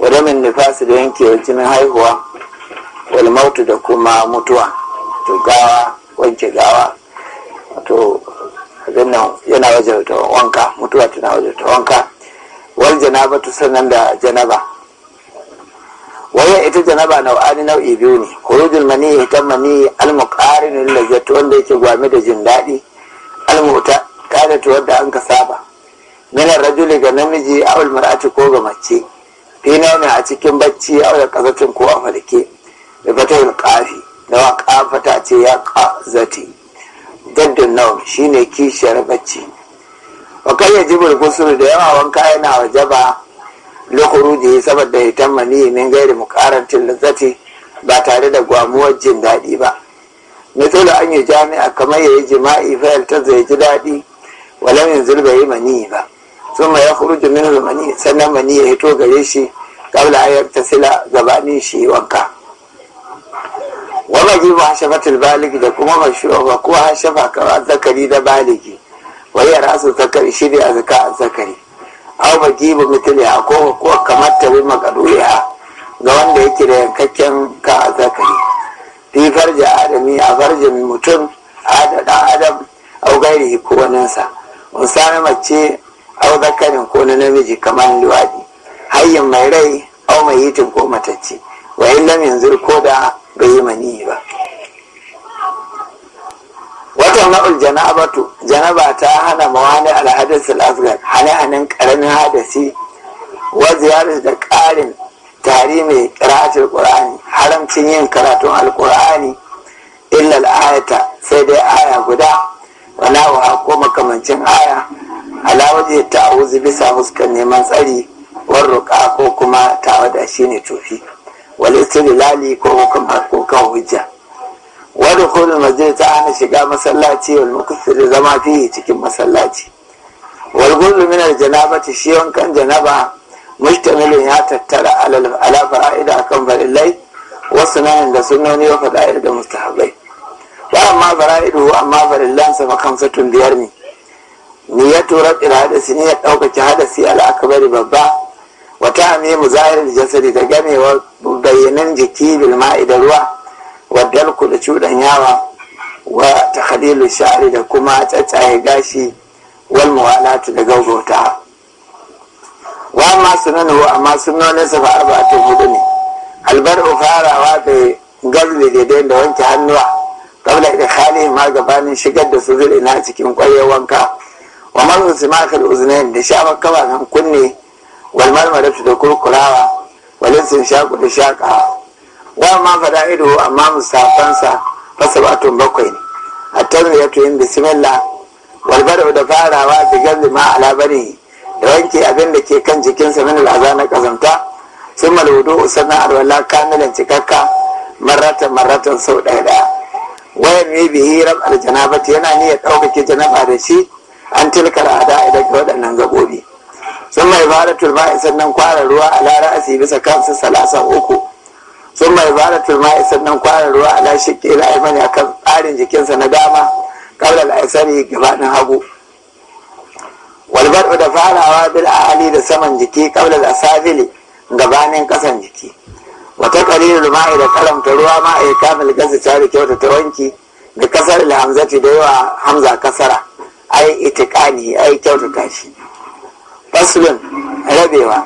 wadamin nifasi da yanke jinin haihuwa wal mautu da kuma mutuwa to gawa wanke gawa to abin nan yana waje ta wanka mutuwa tana waje ta wanka wal janabatu sannan da janaba waya ita janaba nau'ani nau'i biyu ne khurujul mani hitan mani al muqarin lil wanda yake gwame da jin daɗi al muta kada to wanda an ka saba min rajuli ga namiji aw al mar'ati ko ga mace fi ne a cikin bacci a wadda kazatin ko a falke da fatahil kafi da wa kafata ce ya kazati daddun naum shine kishiyar bacci wa kai ya jibir gusuru da yawa wanka yana da yi saboda hitan maniyi min gairi mukarantin lazzati ba tare da gwamuwar jin daɗi ba misali an yi jami'a kamar ya yi jima'i fayar ta zai ji daɗi walau yanzu bai yi maniyi ba sun ya kuru min mani sannan mani ya hito gare shi kabla ayar ta sila gabanin shi wanka wani ba jibu hashafatul baligi da kuma shi ba kuwa hashafa a zakari da baliki waye rasu zakari shi ne a zaka zakari aw ba jibu mutiliya ko kuwa kamar tabi makaduya ga wanda yake da yankakken ka zakari fi farji adami a farjin mutum a adam au gairi ko waninsa ce. sami mace au zakarin ko na namiji kamar luwadi hayyan mai rai au mai yitin ko matacce wa lam yanzu ko da bai yi mani ba wata ma'ul janabatu janaba ta hana mawani alhadis al hane hanen karamin hadasi wa ziyarar da karin tari mai qira'atul qur'ani haramcin yin karatun Al-Qur'ani illa al-ayata sai dai aya guda wala wa ko makamancin aya alawaje auzi bisa fuskan neman tsari warruka ko kuma ta shi shine tofi wal istilali ko hukum ko kan hujja wa dukhul masjid ta hana shiga masallaci wal mukaffir zama fi cikin masallaci wal gullu min al janabati shi kan janaba mujtamilun ya tattara ala fara'ida kan farillai wasu nan da sunnoni wa fada'ir da mustahabai ba amma fara'idu amma farillansa fa biyar ne niyatu rabbil hadasi ne ya ɗaukaki hadasi al'akabari babba wata amimu zahirin jasadi da gamewar bayyanan jiki bilma da ruwa wa dalku da cuɗan yawa wa takhalilu sha'ri da kuma tsatsaye gashi wal muwalatu da gaugauta wa amma sunanu amma sunanin sa ba arba'atu hudu ne albar'u farawa da gazli daidai da wanke hannuwa kabla da khali ma gabanin shigar da su zuri na cikin ƙwayar wanka wa man zuma kal da sha makka ba kan kunne wal marmaratu da kurkurawa walin sun shaku da shaka wa ma fada ido amma musafansa tun bakwai ne a ya yin bismillah wal bar'u da farawa bi gazi ma al'abari da wanke abin da ke kan jikinsa min al'aza na kazanta sun malwudu sannan alwala kamilan cikakka marratan marratan sau ɗaya ɗaya wayan ne bihi rab aljanabati yana niyyar ɗaukake janaba da shi an tilkar ada ke waɗannan gabobi sun mai fara tulma'i sannan kwara ruwa a lara asi bisa kansa salasa uku sun mai fara tulma'i sannan kwara ruwa a lashe ƙila aimani a kan tsarin jikinsa na dama sani al'aisari gabanin hagu walbar da farawa bil hali da saman jiki da asafili gabanin ƙasan jiki wata ƙalilul ma'i da karamta ruwa ma'i kamil gasa cari kyauta ta wanki da kasar hamzati da yawa hamza kasara ai itikani ai kyautata shi faslun rabewa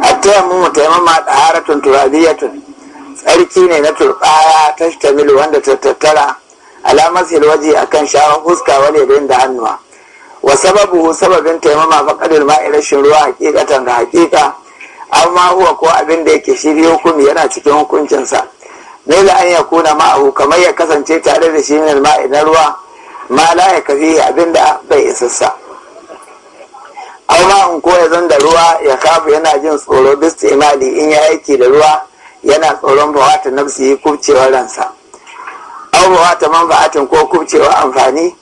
A mu attaimu taimama ɗaharatun turabiyatun tsarki ne na turɓaya ta shtamilu wanda ta tattara alamar a akan shawar fuska wale da da hannuwa wa sababu sababin taimama faƙadar ma'i rashin ruwa hakikatan ga hakika amma huwa ko abin da yake shiri hukumi yana cikin hukuncinsa nila an ya kuna ma'ahu kamar ya kasance tare da shi ne na ruwa ma la ya kafi abinda bai isassa amma in ko ya zan da ruwa ya kafa yana jin tsoro bisti imali in ya aiki da ruwa yana tsoron bawata nafsi kubcewar ransa aw bawata manfa'atin ko kubcewar amfani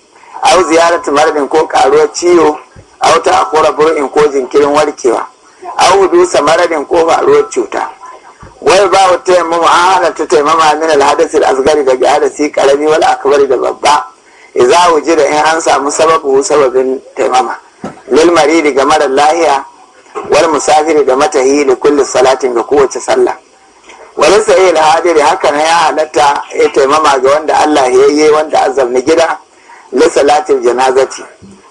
aw ziyaratu maradin ko karuwa ciwo aw ta akura burin ko jinkirin warkewa aw dusa maradin ko faruwar cuta wai ba wa tayammama an hana ta taimama min alhadasi asgari daga hadasi karami wani akabari da babba idza da in an samu sababu sababin taimama lil maridi ga marar lahiya wal musafiri da matahi da kulli salatin ga kowace sallah wani sayi da hadiri haka na ya halatta ya taimama ga wanda Allah ya yi wanda azabni gida li salatin janazati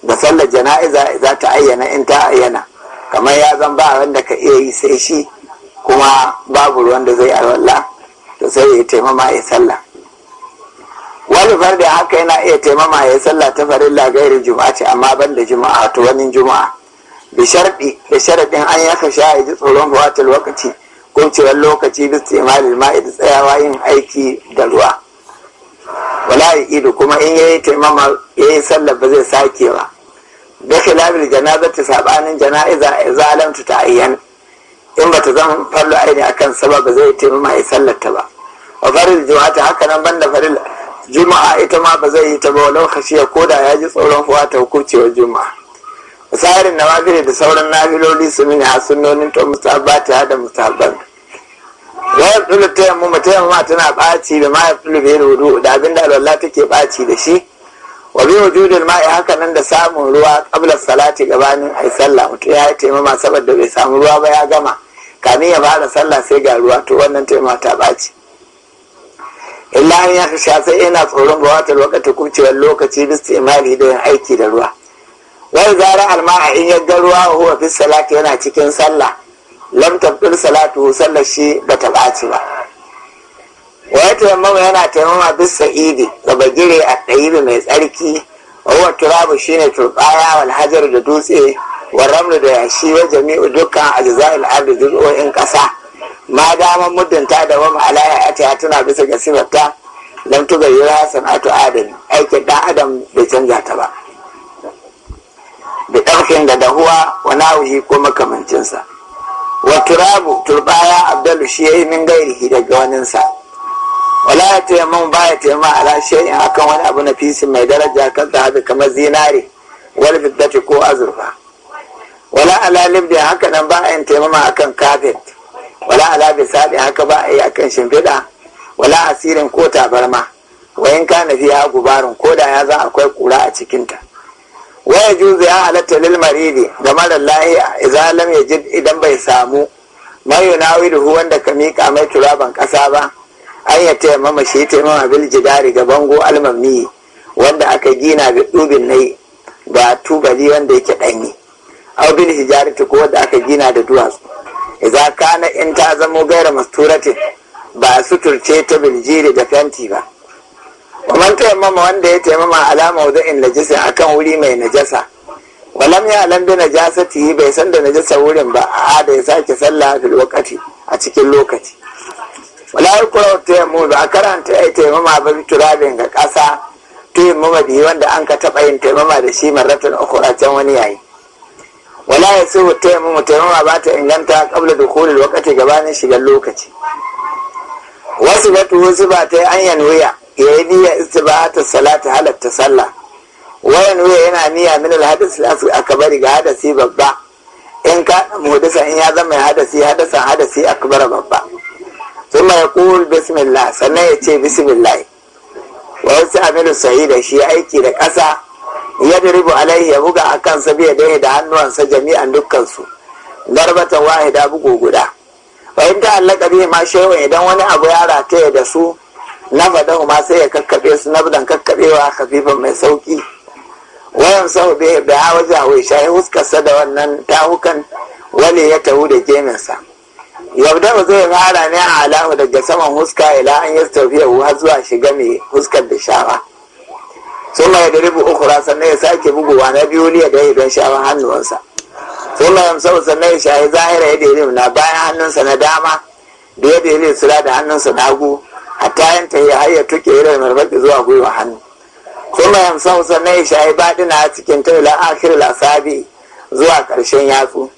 da sallar jana'iza za ta ayyana in ta ayyana kamar ya zan ba wanda ka iya yi sai shi kuma babu ruwan da zai alwala to sai ya taimama ya sallah wani da haka yana iya taimama ya sallah ta farin gairi juma'a ce amma ban da juma'a to wani juma'a bi sharɗi da sharaɗin an ya kasha ya ji tsoron buwatar lokaci cewar lokaci da istimalil da tsayawa yin aiki da ruwa wala ido kuma in ya yi taimama ya yi sallah ba zai sake ba da khilabil ta sabanin jana'iza ta ta'ayyan in bata zan fallo aini akan sababa zai taimama ya sallar ta ba wa faril juma'a haka nan banda farilla juma'a ita ma ba zai yi ta ba walau khashiya ko da ya ji tsoron fuwa ta hukuncewar juma'a misalin nawafili da sauran nafiloli su mini a sunonin to musabbata da musabban wayar tulu ta yammu mata yamma tana ɓaci da ma tulu bai rudu da abin da alwala take ɓaci da shi wa bi wujudul ma'i haka nan da samun ruwa qabla salati gabanin ai sallah mutum ya yi taimama saboda bai samu ruwa ba ya gama kamin ya fara sallah sai ga ruwa to wannan taimama ta ɓaci illa an ya kasha sai yana tsoron ga wata lokaci kubcewar lokaci bis imani da yin aiki da ruwa wai zara a in ya ga ruwa huwa bis salatu yana cikin sallah lamtar bin salatu sallar shi ba ta ɓaci ba wa taimama yana taimama bis sa'idi ga bagire a ɗayibi mai tsarki huwa turabu shine turbaya wal da dutse wa ramlu da yashi wa jami'u dukkan al'adu da juz'o'in ƙasa ma dama muddin ta da wama alaya a ta tuna bisa ga sifarta don tuga yi sana'atu adam aikin dan adam bai canza ta ba da ɗarfin da dahuwa wa nawuhi ko makamancinsa wa turabu turbaya abdalu shi ya yi min gairihi daga waninsa wala ya taimun ba ya taimun ala shay'in akan wani abu na fisi mai daraja kan ta haɗu kamar zinare wal fiddati ko azurfa wala ala libdi haka nan ba a yin taimama akan kafet. wala ala bisali haka ba a yi akan shimfiɗa wala asirin ko tabarma wa in kana fiha gubarin ko da ya za akwai kura a cikinta wa juzu ya halatta lil maridi da marar lahiya zalam lam yajid idan bai samu mai yunawidu wanda ka mika mai turaban ƙasa ba an ya taimama shi taimama bil jidari ga bango almamni wanda aka gina da dubin nai da tubali wanda yake danyi au hijari hijarati ko wanda aka gina da duwatsu iza kana in ta zamo gaira masturati ba suturce ta biljiri da fenti ba waman taimama wanda ya tayammama alama in wadda'in a kan wuri mai najasa walam ya alam bi najasati bai san da najasa wurin ba a da ya sake sallah fil lokaci a cikin lokaci wala yakra tayammu ba karanta ai tayammama ba turabin ga kasa tayammama biyu wanda an ka taba yin taimama da shi marratan ukhra can wani yayi wala ya sai wata yamma mutaimama ba ta inganta kabla da kore lokaci gabanin shigar lokaci wasu da tuhu ba ta an wuya ya yi niyya ta salata halatta sallah wayan wuya yana niyya min alhadis a akabari ga hadasi babba in ka mudasa, in ya zama hadasi hadasan hadasi akbar babba ya yaqul bismillah sannan ya ce bismillah wa amiru sahih da shi aiki da ƙasa ya rubu alai ya buga a kansa biya dai da hannuwansa jami'an dukkansu darbatan wahida bugu guda in ta allaka ma shehu idan wani abu ya rataya da su na fadahu ma sai ya kakkaɓe su na budan kakkaɓewa hafifan mai sauki wayan sau bai a waje hawai shayi huskarsa da wannan tahukan wani ya tahu da geminsa yabda ba zai fara ne a alahu daga saman huska ila an yi tafiya har zuwa shiga mai huskar da shawa sun ya yadda uku rasan sannan ya sake buguwa na biyu liya da don shawar hannuwansa sun ya musamman sannan ya shayi zahira yadda ribu na bayan hannunsa na dama da yadda ribu sura da hannunsa na hagu hatta yin ta ya hayar tuke irin marfaki zuwa gwiwa hannu sun ya musamman sannan ya shahi baɗina cikin ta ila akhir lasabi zuwa ƙarshen yatsu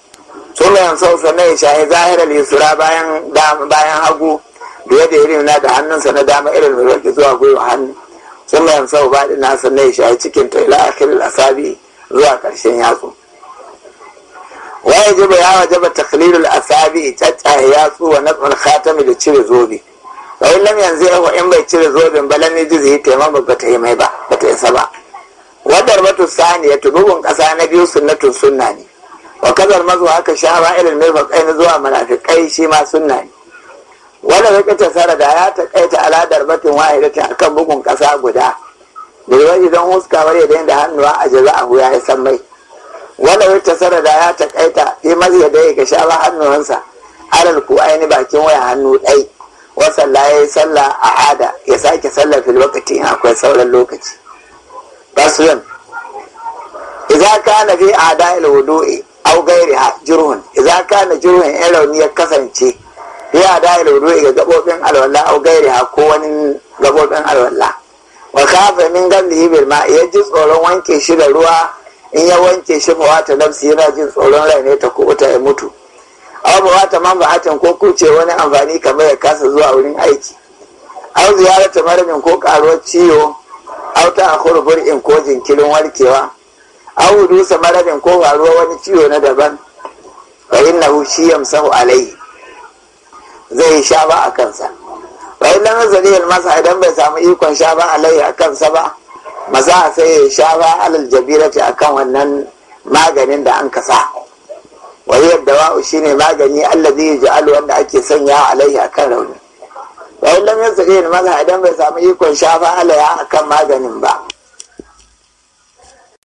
sun ya musamman sannan ya shayi zahira sura bayan hagu da yadda ribu na da hannunsa na dama irin marfaki zuwa gwiwa hannu sun mai hamsa ba da nasa na ya shayi cikin ta ila akhir asabi zuwa karshen yatsu waye jiba ya wajaba taklilul asabi caccahe yatsu wa natsun khatami da cire zobe wa in lam yanzu wa in bai cire zobin ba lam zai taimama ba ta yi mai ba bata ta isa ba wadar batu saniya bugun kasa na biyu sunnatun sunna ne wa kazar mazu haka shaba ilal mirfaqain zuwa munafiqai shi ma sunna ne wannan ya kace da ya taƙaita aladar batin ta akan bugun ƙasa guda da idan huska bare da inda hannuwa a jaza jaza'ahu ya san mai wannan ya tasara da ya taƙaita yi mazi da ya ga hannuwansa alal ku aini bakin waya hannu ɗai wasan la ya yi sallah a ada ya sake sallah fil wakati in akwai sauran lokaci basrin idza kana fi ada al wudu'i aw ghayriha jurhun idza kana jurhun in rauni ya kasance a da ilwudu ga gabobin alwala au gairi ko wani gabobin alwala wa kafa min gamli bil ma ya ji tsoron wanke shi da ruwa in ya wanke shi fa wata nafsi yana jin tsoron rai ne ta kubuta ya mutu aw ba wata manfa'atin ko kuce wani amfani kamar ya kasa zuwa wurin aiki aw ziyarata maramin ko karuwar ciwo aw ta kurbur in ko jinkirin warkewa aw dusa maramin ko faruwar wani ciwo na daban fa innahu shi yamsahu alai zai sha ba a kansa bai lam zalil masa idan bai samu ikon sha ba alai a kansa ba maza sai ya sha ba alal jabirati akan wannan maganin da an kasa wa yadda ne magani allazi yaj'alu wanda ake sanya a akan rauni bai lam zalil masa idan bai samu ikon sha ba alai akan maganin ba